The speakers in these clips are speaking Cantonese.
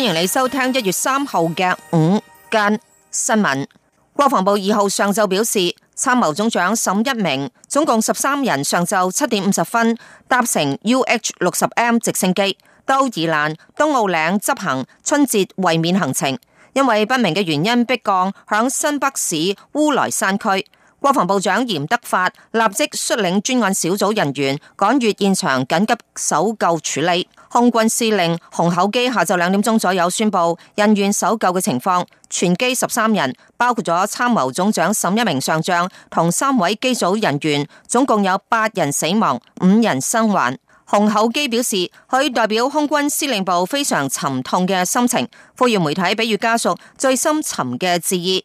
歡迎你收聽一月三號嘅午間新聞。國防部二號上晝表示，參謀總長沈一鳴總共十三人上晝七點五十分搭乘 UH 六十 M 直升機到宜蘭東澳嶺執行春節慰勉行程，因為不明嘅原因迫降響新北市烏來山區。國防部長嚴德發立即率領專案小組人員趕越現場，緊急搜救處理。空軍司令洪厚基下晝兩點鐘左右宣布人員搜救嘅情況，全機十三人，包括咗參謀總長沈一鳴上將同三位機組人員，總共有八人死亡，五人生還。洪厚基表示，佢代表空軍司令部非常沉痛嘅心情，呼籲媒體俾予家屬最深沉嘅致意。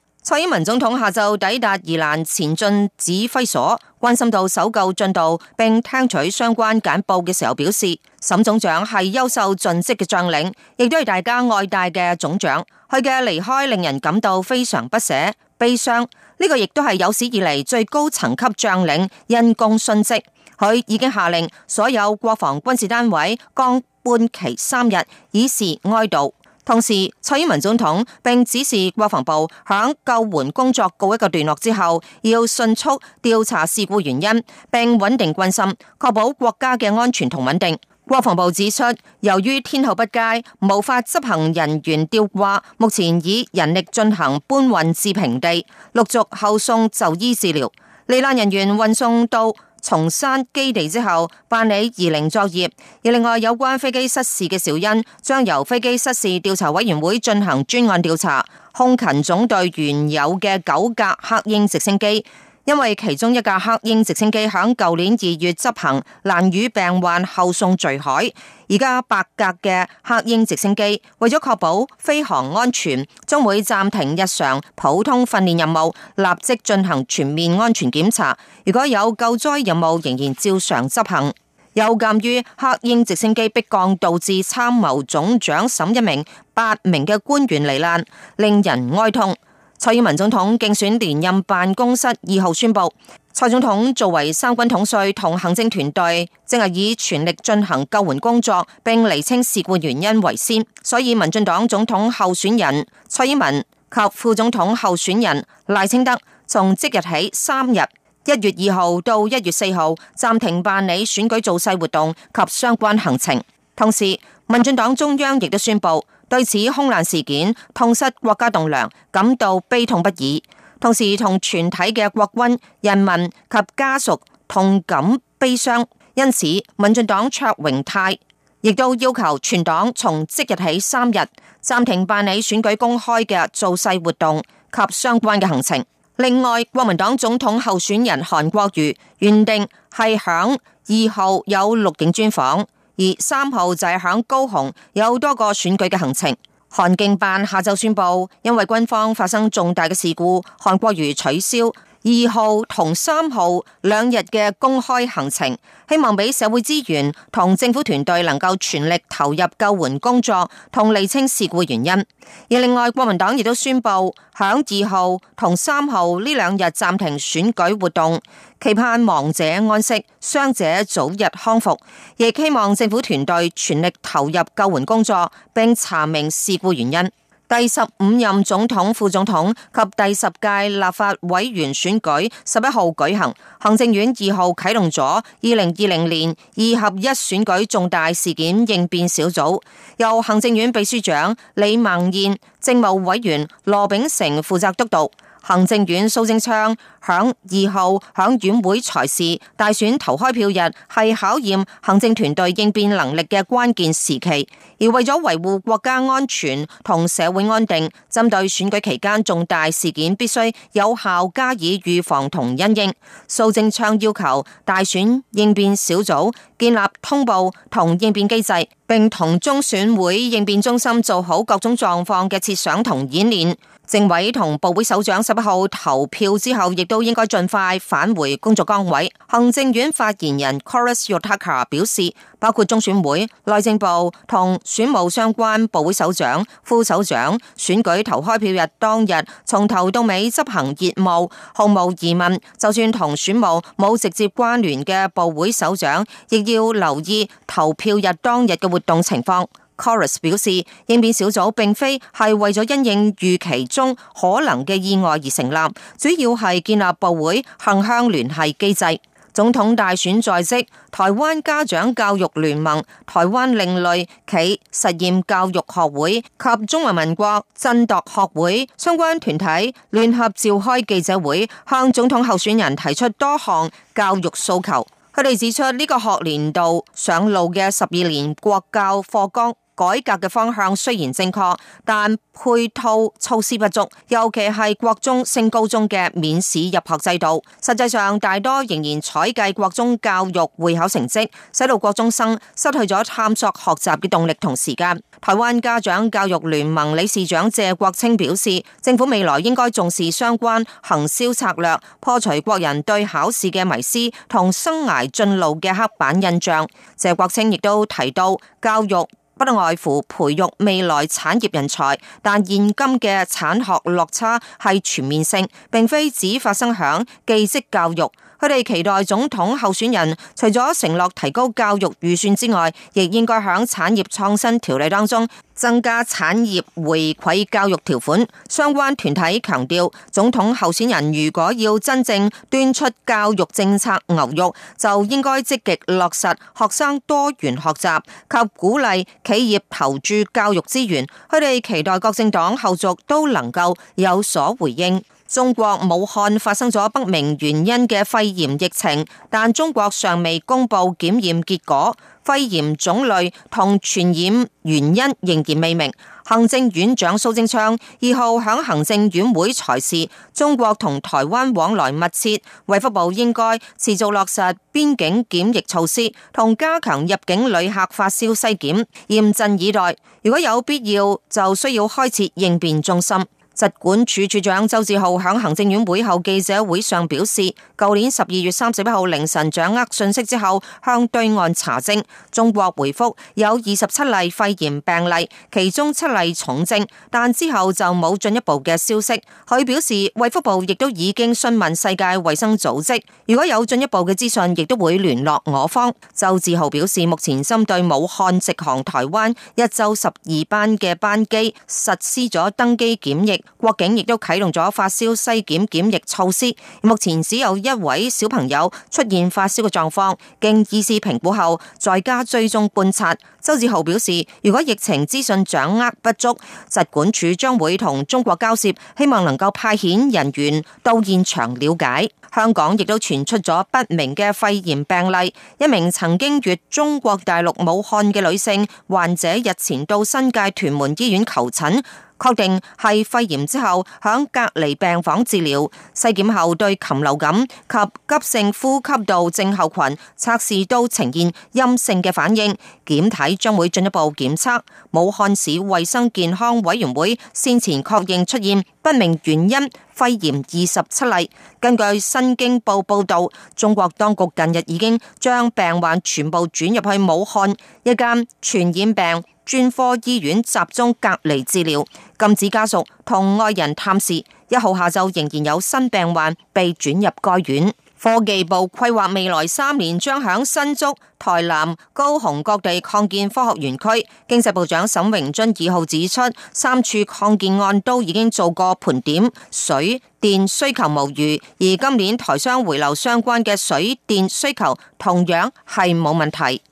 蔡英文總統下晝抵達宜蘭前進指揮所，關心到搜救進度，並聽取相關簡報嘅時候，表示沈總長係優秀盡職嘅將領，亦都係大家愛戴嘅總長。佢嘅離開令人感到非常不捨、悲傷。呢、這個亦都係有史以嚟最高層級將領因公殉職。佢已經下令所有國防軍事單位降半旗三日，以示哀悼。同時，蔡英文總統並指示國防部響救援工作告一個段落之後，要迅速調查事故原因，並穩定軍心，確保國家嘅安全同穩定。國防部指出，由於天候不佳，無法執行人員吊掛，目前以人力進行搬運至平地，陸續後送就醫治療。罹難人員運送到。松山基地之後辦理移靈作業，而另外有關飛機失事嘅肇因，將由飛機失事調查委員會進行專案調查。空勤總隊原有嘅九架黑鷹直升機。因為其中一架黑鷹直升機響舊年二月執行蘭嶼病患後送墜海，而家八架嘅黑鷹直升機為咗確保飛航安全，將會暫停日常普通訓練任務，立即進行全面安全檢查。如果有救災任務，仍然照常執行。又鑒於黑鷹直升機迫降導致參謀總長沈一鳴八名嘅官員罹難，令人哀痛。蔡英文總統競選連任辦公室二號宣布，蔡總統作為三軍統帥同行政團隊，正係以全力進行救援工作並釐清事故原因為先，所以民進黨總統候選人蔡英文及副總統候選人賴清德，從即日起三日（一月二號到一月四號）暫停辦理選舉造勢活動及相關行程。同時，民進黨中央亦都宣布。對此空難事件，痛失國家棟樑，感到悲痛不已，同時同全體嘅國軍人民及家屬痛感悲傷。因此民進黨，民進黨卓榮泰亦都要求全黨從即日起三日暫停辦理選舉公開嘅造勢活動及相關嘅行程。另外，國民黨總統候選人韓國瑜原定係響二號有錄影專訪。而三號就係響高雄有多個選舉嘅行程。韓境辦下晝宣布，因為軍方發生重大嘅事故，韓國瑜取消。二號同三號兩日嘅公開行程，希望俾社會資源同政府團隊能夠全力投入救援工作同釐清事故原因。而另外，國民黨亦都宣布響二號同三號呢兩日暫停選舉活動，期盼亡者安息，傷者早日康復，亦希望政府團隊全力投入救援工作並查明事故原因。第十五任總統、副總統及第十屆立法委員選舉十一號舉行，行政院二號啟動咗二零二零年二合一選舉重大事件應變小組，由行政院秘書長李孟燕、政務委員羅秉成負責督，督導。行政院蘇貞昌響二號響院會才是大選投開票日係考驗行政團隊應變能力嘅關鍵時期，而為咗維護國家安全同社會安定，針對選舉期間重大事件，必須有效加以預防同因應。蘇貞昌要求大選應變小組建立通報同應變機制，並同中選會應變中心做好各種狀況嘅設想同演練。政委同部會首長十一號投票之後，亦都應該盡快返回工作崗位。行政院發言人 Kolas Yotaka 表示，包括中選會、內政部同選務相關部會首長、副首長，選舉投開票日當日從頭到尾執行業務，毫無疑問。就算同選務冇直接關聯嘅部會首長，亦要留意投票日當日嘅活動情況。Corus 表示，應變小組並非係為咗因應預期中可能嘅意外而成立，主要係建立部會橫向聯繫機制。總統大選在即，台灣家長教育聯盟、台灣另類暨實驗教育學會及中華民國振鐸學會相關團體聯合召開記者會，向總統候選人提出多項教育訴求。佢哋指出，呢個學年度上路嘅十二年國教課綱，改革嘅方向雖然正確，但配套措施不足，尤其係國中升高中嘅免試入學制度，實際上大多仍然採計國中教育會考成績，使到國中生失去咗探索學習嘅動力同時間。台灣家長教育聯盟理事長謝國清表示，政府未來應該重視相關行銷策略，破除國人對考試嘅迷思同生涯進路嘅刻板印象。謝國清亦都提到教育。不外乎培育未來產業人才，但現今嘅產學落差係全面性，並非只發生響技職教育。佢哋期待總統候選人除咗承諾提高教育預算之外，亦應該喺產業創新條例當中增加產業回饋教育條款。相關團體強調，總統候選人如果要真正端出教育政策牛肉，就應該積極落實學生多元學習及鼓勵企業投注教育資源。佢哋期待各政黨後續都能夠有所回應。中國武漢發生咗不明原因嘅肺炎疫情，但中國尚未公布檢驗結果，肺炎種類同傳染原因仍然未明。行政院長蘇貞昌二號響行政院會裁示，中國同台灣往來密切，衛福部應該持續落實邊境檢疫措施同加強入境旅客發燒篩檢，嚴陣以待。如果有必要，就需要開設應變中心。疾管處處長周志浩喺行政院會後記者會上表示，舊年十二月三十一號凌晨掌握信息之後，向對岸查證，中國回覆有二十七例肺炎病例，其中七例重症，但之後就冇進一步嘅消息。佢表示，衛福部亦都已經詢問世界衛生組織，如果有進一步嘅資訊，亦都會聯絡我方。周志浩表示，目前針對武漢直航台灣一周十二班嘅班機，實施咗登機檢疫。國境亦都啟動咗發燒篩檢檢疫措施，目前只有一位小朋友出現發燒嘅狀況，經醫師評估後在家追蹤觀察。周志浩表示，如果疫情資訊掌握不足，疾管署將會同中國交涉，希望能夠派遣人員到現場了解。香港亦都傳出咗不明嘅肺炎病例，一名曾經赴中國大陸武漢嘅女性患者日前到新界屯門醫院求診，確定係肺炎之後響隔離病房治療，細檢後對禽流感及急性呼吸道症候群測試都呈現陰性嘅反應，檢體，將會進一步檢測。武漢市衛生健康委員會先前確認出現不明原因肺炎二十七例。根據《新京報》報道，中國當局近日已經將病患全部轉入去武漢一間傳染病專科醫院集中隔離治療，禁止家屬同愛人探視。一號下晝仍然有新病患被轉入該院。科技部規劃未來三年將響新竹、台南、高雄各地擴建科學園區。經濟部長沈榮津二號指出，三處擴建案都已經做過盤點，水電需求無虞，而今年台商回流相關嘅水電需求同樣係冇問題。